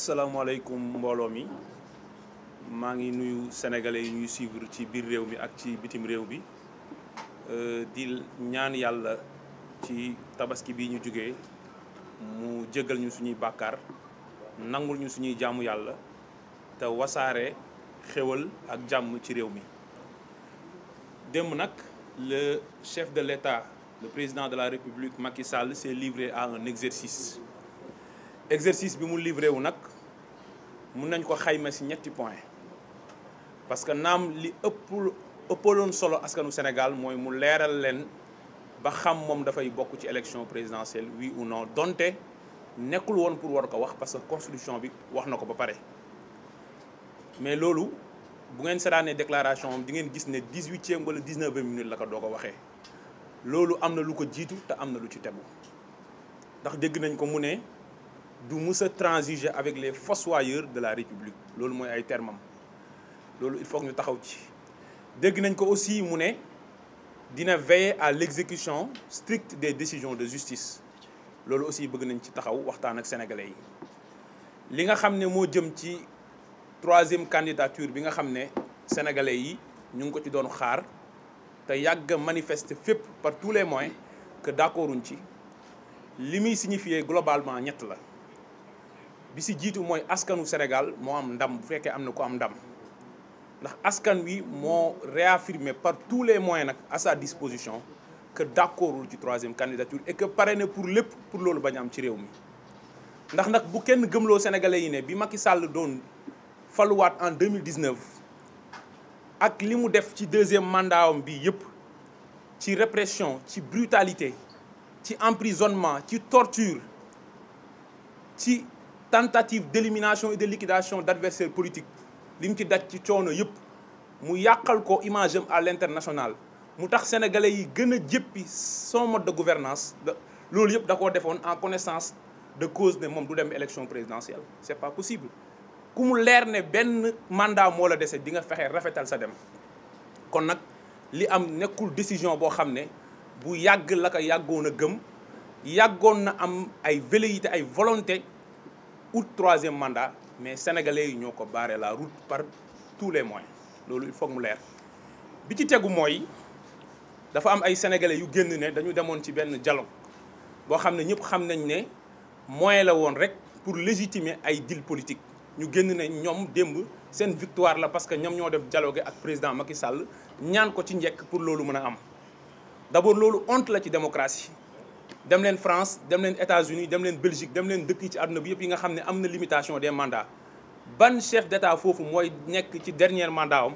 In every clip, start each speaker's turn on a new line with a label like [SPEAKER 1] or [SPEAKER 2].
[SPEAKER 1] asalaamaaleykum mbooloo mi maa ngi nuyu sénégalais yi ñuy suivre ci biir réew mi ak ci bitim réew bi euh, di ñaan yàlla ci tabaski bi ñu jógee mu jéggal ñu suñuy bàkkaar nangul ñu suñuy jaamu yàlla te wasaare xéwal ak jàmm ci réew mi démb nag le chef de l'État le président de la République Macky Sall s'est livré à exercice exercice bi mu livré wu nag mun nañ ko xayma si ñetti point parce que naam li ëpp ëppaloon solo askanu Sénégal mooy mu leeral leen ba xam moom dafay bokk ci élection présidentielle oui ou non donte nekkul woon pour war ko wax parce que constitution bi wax na ko ba pare mais loolu bu ngeen seetaanee déclaration am di ngeen gis ne dix-huitième wala dix-neuvième minute la ko doo ko waxee loolu am na lu ko jiitu te am na lu ci tegu ndax dégg nañ ko mu ne du musa a transiger avec les fossoyeurs de la république loolu mooy ay termam loolu il faut ñu taxaw ci dégg nañ ko aussi mu ne dina veiller à l'exécution stricte des décisions de justice loolu aussi bëgg nañ ci taxaw waxtaan ak sénégalais yi li nga xam ne moo jëm ci troisième candidature bi nga xam ne sénégalais yi ñu ngi ko ci doon xaar te yàgg manifester fépp par tous les moyens que uñ ci li muy signifier globalement ñett la bi si jiitu mooy askanu Sénégal moo am ndam bu fekkee am na ko am ndam ndax askan wi moo réaffirmé par tous les moyens nag à sa disposition que d'accordul ci troisième candidature et que pare na pour lépp pour loolu bañ am ci réew mi ndax nag bu kenn gëmloo sénégalais yi ne bi Macky sàll doon faluwaat en 2019 ak li mu def ci deuxième mandat am bi yëpp ci répression ci brutalité ci emprisonnement ci torture ci tentative d'élimination et de liquidation d'adversaires politiques li mu ci daj ci coono yëpp mu yàqal ko imagem à l'international mu tax sénégalais yi gën a jëppi son mode de gouvernance loolu yëpp da koo defoon en connaissance de cause ne moom du dem élection présidentielle c'est pas possible ku mu leer ne benn mandat moo la dese di nga fexe rafetal sa dem kon nag li am nekkul décision boo xam ne bu yàgg la ko yàggoon a gëm yàggoon na am ay velléité ay volonté ou troisième mandat mais sénégalais yi ñoo ko bare la route par tous les moyens loolu il faut mu leer bi ci tegu mooy dafa am ay sénégalais yu génn ne dañu demoon ci benn dialogue boo xam ne ñëpp xam nañ ne moyen la woon rek pour légitimer ay deal politique ñu génn ne ñoom démb seen victoire la parce que ñoom ñoo def dialogue ak président Macky Sall ñaan ko ci njekk pour loolu mën a am d'abord loolu honte la ci démocratie dem leen France dem leen États-Unis dem leen Belgique dem leen dëkk ci àdduna bi yi nga xam ne am na limitation de mandats ban chef d'État foofu mooy nekk ci dernier mandat am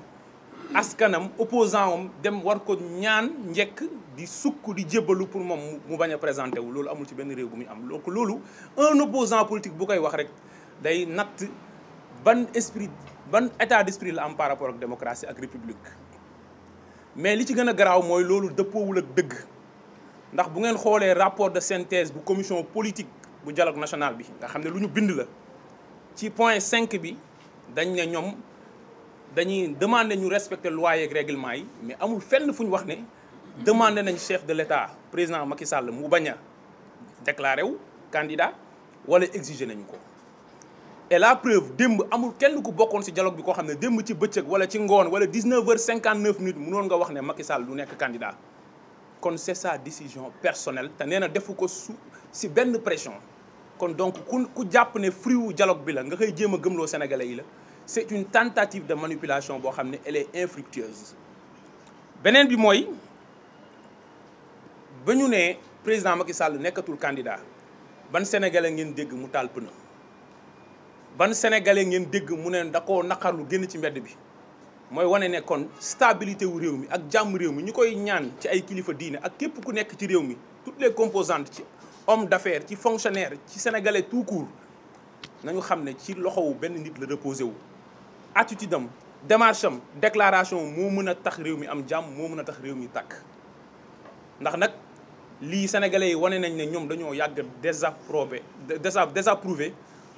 [SPEAKER 1] askanam opposant am dem war ko ñaan njekk di sukk di jébbalu pour moom mu bañ a présenté wu loolu amul ci benn réew bu muy am donc loolu un opposant politique bu koy wax rek day natt ban esprit ban état d'esprit la am par rapport ak démocratie ak république mais li ci gën a garaaw mooy loolu dëppoowul ak dëgg ndax bu ngeen xoolee rapport de synthèse bu commission politique bu dialogue national bi nga xam ne lu ñu bind la ci point cinq bi dañ ne ñoom dañuy demander ñu respecter loi yeeg réglement yi mais amul fenn fu ñu wax ne demandé nañ chef de l'État président Macky Sall mu bañ a déclaré wu candidat wala exiger nañu ko. et la preuve démb amul kenn ku bokkoon ci dialogue bi koo xam ne démb ci bëccëg wala ci ngoon wala 19 heures 59 minutes mënoon nga wax ne Macky Sall du nekk candidat. kon c'est sa décision personnel te nee na defu ko su si benn pression kon donc ku ku jàpp ne fruit wu bi la nga koy jéem a gëmloo sénégalais yi la c'est une tentative de manipulation boo xam ne elle est beneen bi mooy ba ñu ne président Macky Sall nekkatul candidat ban sénégalais ngeen dégg mu taal pneu ban sénégalais ngeen dégg mu ne da koo naqarlu génn ci mbedd bi mooy wane ne kon stabilité wu réew mi ak jàmm réew mi ñu koy ñaan ci ay kilifa diine ak képp ku nekk ci réew mi tout les composantes ci homme d'affaires ci fonctionnaire ci sénégalais tout court nañu xam ne ci loxowu benn nit la reposé wu attitude am démarche am déclaration moo mën a tax réew mi am jàmm moo mën a tax réew mi tàkk ndax nag lii sénégalais yi wane nañ ne ñoom dañoo yàgg désapprobe désapprouvé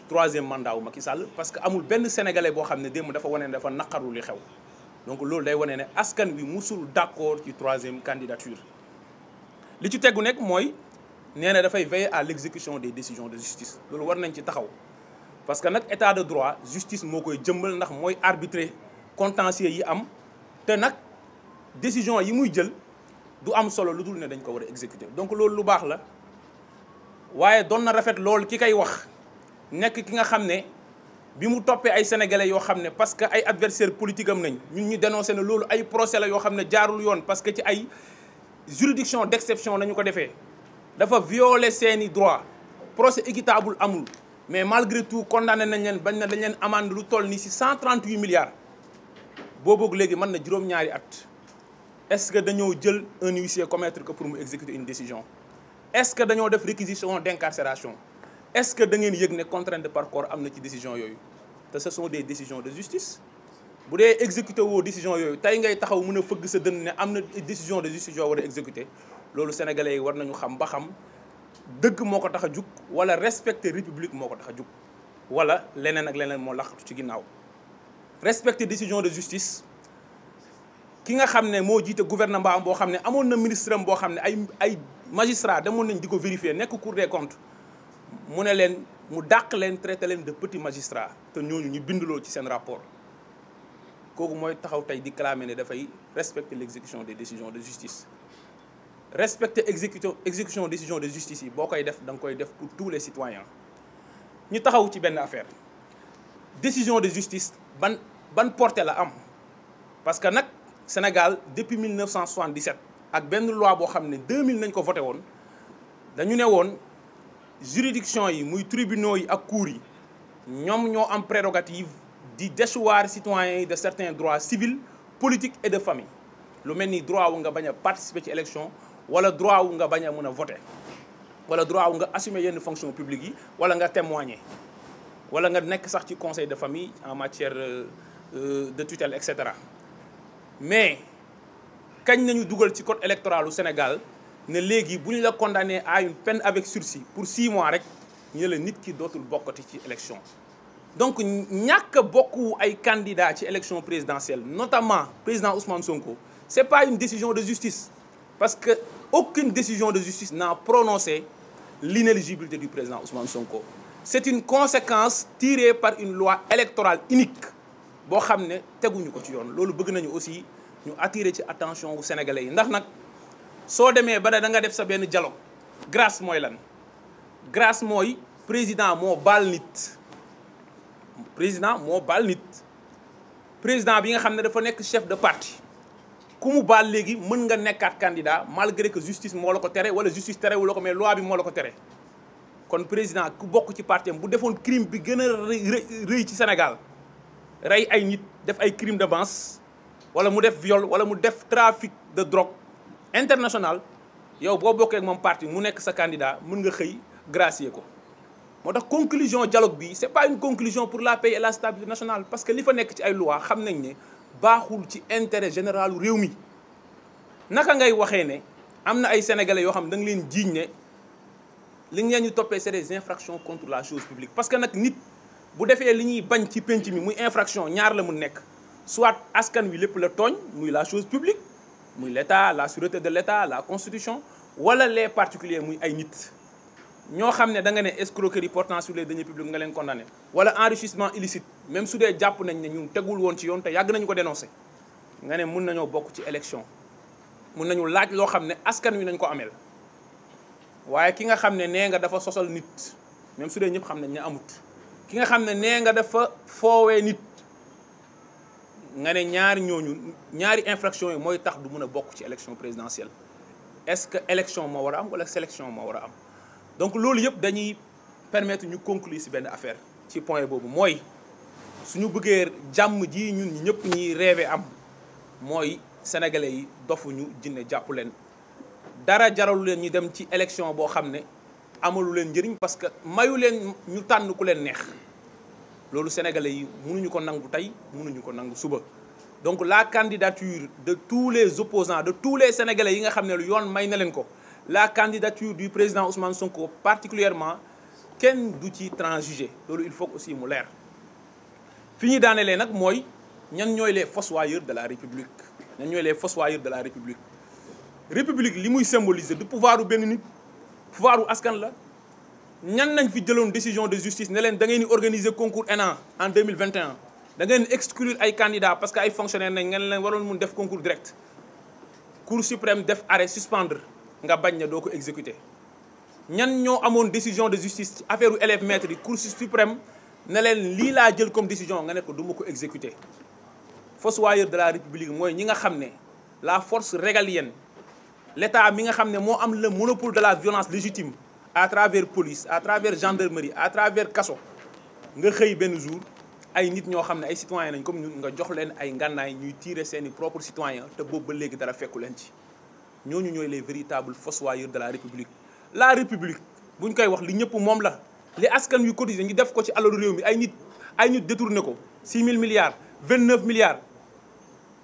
[SPEAKER 1] troisième mandat wu Macky Sall parce que amul benn sénégalais boo xam ne démb dafa wane ne naqaru li xew donc loolu day wane ne askan wi musul d'accord ci troisième candidature li ci tegu nekk mooy nee na dafay veiller à l'exécution des décisions de justice loolu war nañ ci taxaw parce que nag état de droit justice moo koy jëmbal ndax mooy arbitrer contentieux yi am te nag décision yi muy jël du am solo lu dul ne dañ ko war a exécuter donc loolu lu baax la waaye doon na rafet loolu ki koy wax nekk ki nga xam ne bi mu toppee ay sénégalais yoo xam ne parce que ay adversaire politique am nañ ñun ñu dénoncé na loolu ay procès la yoo xam ne jaarul yoon parce que ci ay juridiction d'exception nañu ko defee dafa violer seeni droit procès équitable amul mais malgré tout condamné nañ leen bañ na dañ leen amende lu toll nii si 138 milliards boo boog léegi mën na juróom-ñaari at est-ce que dañoo jël un huissier commettre que pour mu exécuter une décision est que dañoo def réquisition d'incarcération est-ce que da ngeen yëg ne contrainte de parcours am na ci décision yooyu te ce sont des décisions de justice bu dee exécuté woo décision yooyu tey ngay taxaw mën a fëgg sa dënn ne am na décision de justice yoo war a exécuté loolu sénégalais yi war nañu xam ba xam dëgg moo ko tax a jug wala respecter république moo ko tax a jug wala leneen ak leneen moo laqatu ci ginnaaw respecte décision de justice ki nga xam ne moo jiite gouvernement am boo xam ne amoon na ministre boo xam ne ay ay magistrat demoon nañ di ko vérifier nekk cour des comptes mu ne leen mu dàq leen traité leen de petit magistrat te ñooñu ñu binduloo ci seen rapport kooku mooy taxaw tey di clamer ne dafay respecter l' exécution des décisions de justice respecte exécution exécution décision de justice yi boo koy def da nga koy def pour tous les citoyens ñu taxaw ci benn affaire décision de justice ban ban portée la am parce que nag Sénégal depuis 1977 ak benn loi boo xam ne 2000 nañ ko voté woon dañu ne woon juridiction yi muy tribunaux yi ak cours yi ñoom ñoo am prérogative di déchoir citoyens yi de certains droits civils politiques et de famille lu mel ni droit wu nga bañ a participer ci élection wala droit wu nga bañ a mën a voter wala droit wu nga assumer yenn fonction publique yi wala nga témoigner wala nga nekk sax ci conseil de famille en matière euh, euh, de tutelle et cetera mais kañ nañu dugal ci code électoral u Sénégal ne léegi bu ñu la condamné à une peine avec sursis pour six mois rek ñu la nit ki dootul bokkati ci élection donc ñàkk bokk bokku ay candidat ci élection présidentielle notamment président Ousmane Sonko c'est pas une décision de justice parce que aucune décision de justice n'a prononcé l'inéligibilité du président Ousmane Sonko c'est une conséquence tirée par une loi électorale unique boo xam ne teguñu ko ci yoon loolu bëgg nañu aussi ñu attirer ci attention wu sénégalais yi ndax nag soo demee ba ne da nga def sa benn jalo grâce mooy lan grâce mooy président moo baal nit président moo baal président bi nga xam ne dafa nekk chef de parti ku mu baal léegi mën nga nekkaat candidat malgré que justice moo la ko tere wala justice terewul la ko mais loi bi moo la ko tere kon président ku bokk ci parti am bu defoon crime bi gën a rëy ci Sénégal rey ay nit def ay crime de masse wala mu def viol wala mu def trafic de drogue international yow boo bokkee ak moom parti mu nekk sa candidat mën nga xëy gracier ko moo tax conclusion dialogue bi c'est pas une conclusion pour la paix et la stabilité nationale parce que li fa nekk ci ay loi xam nañ ne baaxul ci intéret général réew mi naka ngay waxee ne am na ay sénégalais yoo xam da nga leen jiiñ ne li ngeen ñu toppee c'est des infractions contre la chose publique parce que nag nit bu defee li ñuy bañ ci penc mi muy infraction ñaar la mu nekk soit askan wi lépp la tooñ muy la chose muy l'État la sûreté de l'État la constitution wala les particuliers muy ay nit ñoo xam ne da nga ne escroquerie portant sur les deniers publics nga leen condamné wala enrichissement illicite même su dee jàpp nañ ne ñun tegul woon ci yoon te yàgg nañu ko dénoncé nga ne mun nañoo bokk ci élection mun nañu laaj loo xam ne askan wi nañ ko ameel waaye ki nga xam ne nee nga dafa sosal nit même su dee ñëpp xam nañ ne amut ki nga xam ne nee nga dafa foowee nit nga ne ñaari ñooñu ñaari infraction yi mooy tax du mun a bokk ci élection présidentielle est-ce que élection moo war a am wala sélection moo war a am donc loolu yëpp dañuy permettre ñu conclure ci benn affaire ci point boobu mooy suñu bëggee jàmm ji ñun ñëpp ñuy rêvé am mooy sénégalais yi dofuñu jinne jàpp leen dara jaralu leen ñu dem ci élection boo xam ne amalu leen njëriñ parce que mayu leen ñu tànn ku leen neex loolu sénégalais yi munuñu ko nangu tey munuñu ko nangu suba donc la candidature de tous les opposants de tous les sénégalais yi nga xam ne lu yoon may na leen ko la candidature du président Ousmane Sonko particulièrement kenn du ci transjuger loolu il faut aussi mu leer fi ñu daanelee nag mooy ñan ñooy les fossoyeurs de la république ñan ñooy les fossoyeurs de la république république li muy symboliser du pouvoir u benn nit pouvoir u askan la ñan nañ fi jëloon décision de justice ne leen da ngeen di organiser concours ENA en 2021 da ngeen exclure ay candidats parce que ay fonctionnaires nañ ngeen leen waroon mun def concours direct cour suprême def arrêt suspendre nga bañ na doo ko exécuter ñan ñoo amoon décision de justice ci affaire u élève maître yi cour suprême ne leen lii laa jël comme décision nga ne duma ko exécuter fossoyeur de la république mooy ñi nga xam ne la force régalienne l' mi nga xam ne moo am le monopole de la violence légitime à travers police à travers gendarmerie à travers kaso nga xëy benn jour ay nit ñoo xam ne ay citoyens lañ comme ñun nga jox leen ay ngànnaay ñuy tirer seeni propres citoyens te boobu ba léegi dara fekku leen ci ñooñu ñooy les véritables fossoyeurs de la république la république buñ koy wax li ñëpp moom la li askan yu cotisé ñu def ko ci alalu réew mi ay nit ay nit détourné ko 6 000 milliards 29 milliards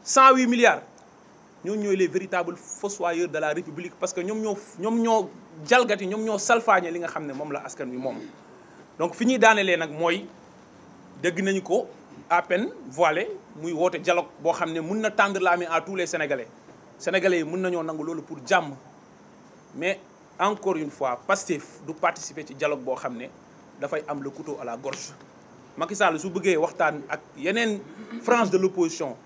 [SPEAKER 1] 108 milliards ñoo ñooy les véritables fossoyeurs de la république parce que ñoom ñoo ñoom ñoo jalgati ñoom ñoo salfaañe li nga xam ne moom la askan wi moom donc fi ñuy daanelee nag mooy dégg nañu ko à peine voilé muy woote dialogue boo xam ne mun na tendre la main à tous les sénégalais sénégalais yi mun nañoo nangu loolu pour jàmm mais encore une fois Pastef du participer ci dialogue boo xam ne dafay am le couteau à la gorge Macky Sall su bëggee waxtaan ak yeneen frange de l'opposition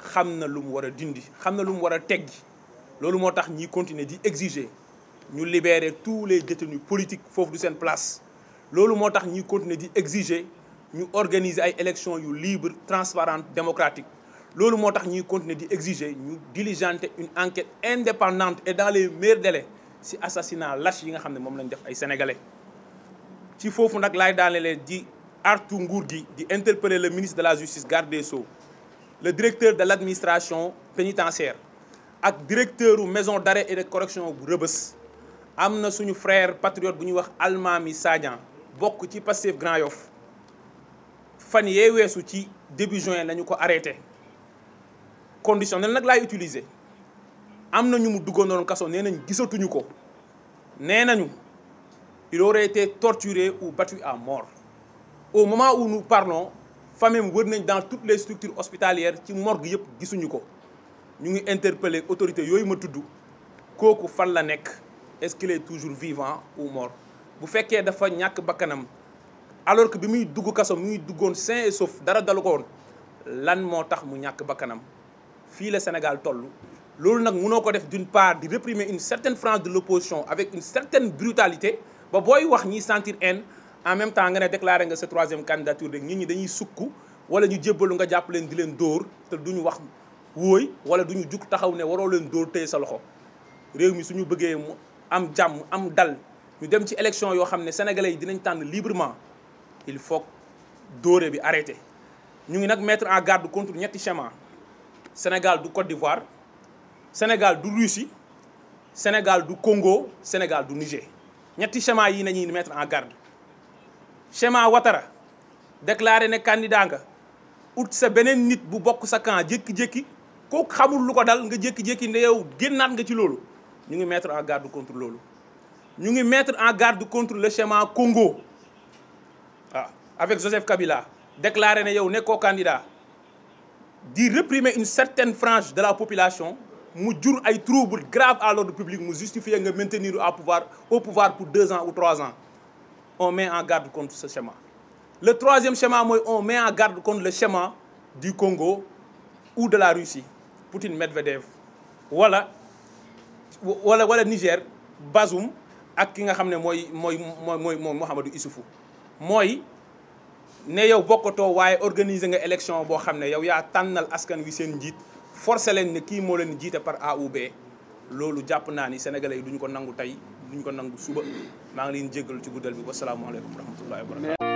[SPEAKER 1] xam na lu mu war a dindi xam na lu mu war a teggi loolu moo tax ñiy continuer di exiger ñu libérer tous les détenus politiques foofu du seen place loolu moo tax ñiy continuer di exiger ñu organiser ay élections yu libre transparente démocratique loolu moo tax ñuy continuer di exiger ñu diligenter une enquête indépendante et dans les meilleurs délais ci assassinat lâche yi nga xam ne moom lañ def ay sénégalais ci foofu nag laay daanelee di artu nguur di interpeller le ministre de la justice garde des sceaux le directeur de l'administration pénitentiaire ak directeur u maison d'arrêt et de correction bu rëbës am na suñu frère patriote bu ñuy wax Almami Sadian bokk ci Pastef Grand Yoff fan yee weesu ci début juin lañu ko arrêté conditionnel nag lay utiliser am na ñu mu duggoon kaso nee nañ gisatuñu ko nee nañu il aurait été torturé ou battu à mort au moment où nous famille wër nañ dans toutes les structures hospitalières ci morgue yëpp gisuñu ko ñu ngi interpeller autorité yooyu ma tudd kooku fan la nekk est-ce qu'il est toujours vivant ou mort bu fekkee dafa ñàkk bakkanam alors que bi muy dugg kaso mu ngi duggoon sain et sauf dara dalu ko woon lan moo tax mu ñàkk bakkanam fii la Sénégal toll loolu nag mënoo ko def d'une part di réprimer une certaine frange de l'opposition avec une certaine brutalité ba booy wax ñiy sentir haine en même temps nga ne déclaré nga sa troisième candidature rek nit ñi dañuy sukk wala ñu jébbalu nga jàpp leen di leen dóor te du ñu wax wóoy wala ñu jug taxaw ne waroo leen dóor téye sa loxo réew mi suñu bëggee mu am jàmm am dal ñu dem ci élection yoo xam ne sénégalais yi dinañ tànn librement il faut dóore bi arrêté ñu ngi nag mettre en garde contre ñetti chemin Sénégal du Côte d'Ivoire Sénégal du Russie Sénégal du Congo Sénégal du Niger ñetti chemin yi nañuy mettre en garde Chema watara déclaré ne candidat nga ut sa beneen nit bu bokk sa camp jékki-jékki kooku xamul lu ko dal nga jékki-jékki ne yow génnaat nga ci loolu ñu ngi mettre en garde contre loolu ñu ngi mettre en garde contre le schéma Congo waaw ah, avec Joseph Kabila déclaré ne yow nekkoo candidat di réprimer une certaine frange de la population mu jur ay troubles graves à l'ordre public mu justifier nga maintenir au pouvoir au pouvoir pour ans ou trois ans on mais en garde contre ce schéma. Le troisième schéma, moi, on met en garde contre le schéma du kongo ou de la Russie, Poutine Medvedev. wala wala voilà Niger, Bazoum, ak ki nga xam ne mooy mooy mooy mooy mooy Mouhamadou Issoufou mooy ne yow bokkatoo waaye organiser nga élection boo xam ne yow yaa tànnal askan wi seen njiit forcé leen ne kii moo leen jiite par A ou loolu jàpp naa ni sénégalais yi duñu ko nangu tey duñ ko nangu suba maa ngi leen jégalu ci guddal bi wasalaamualeykum wa rahmatullahi wa barakatu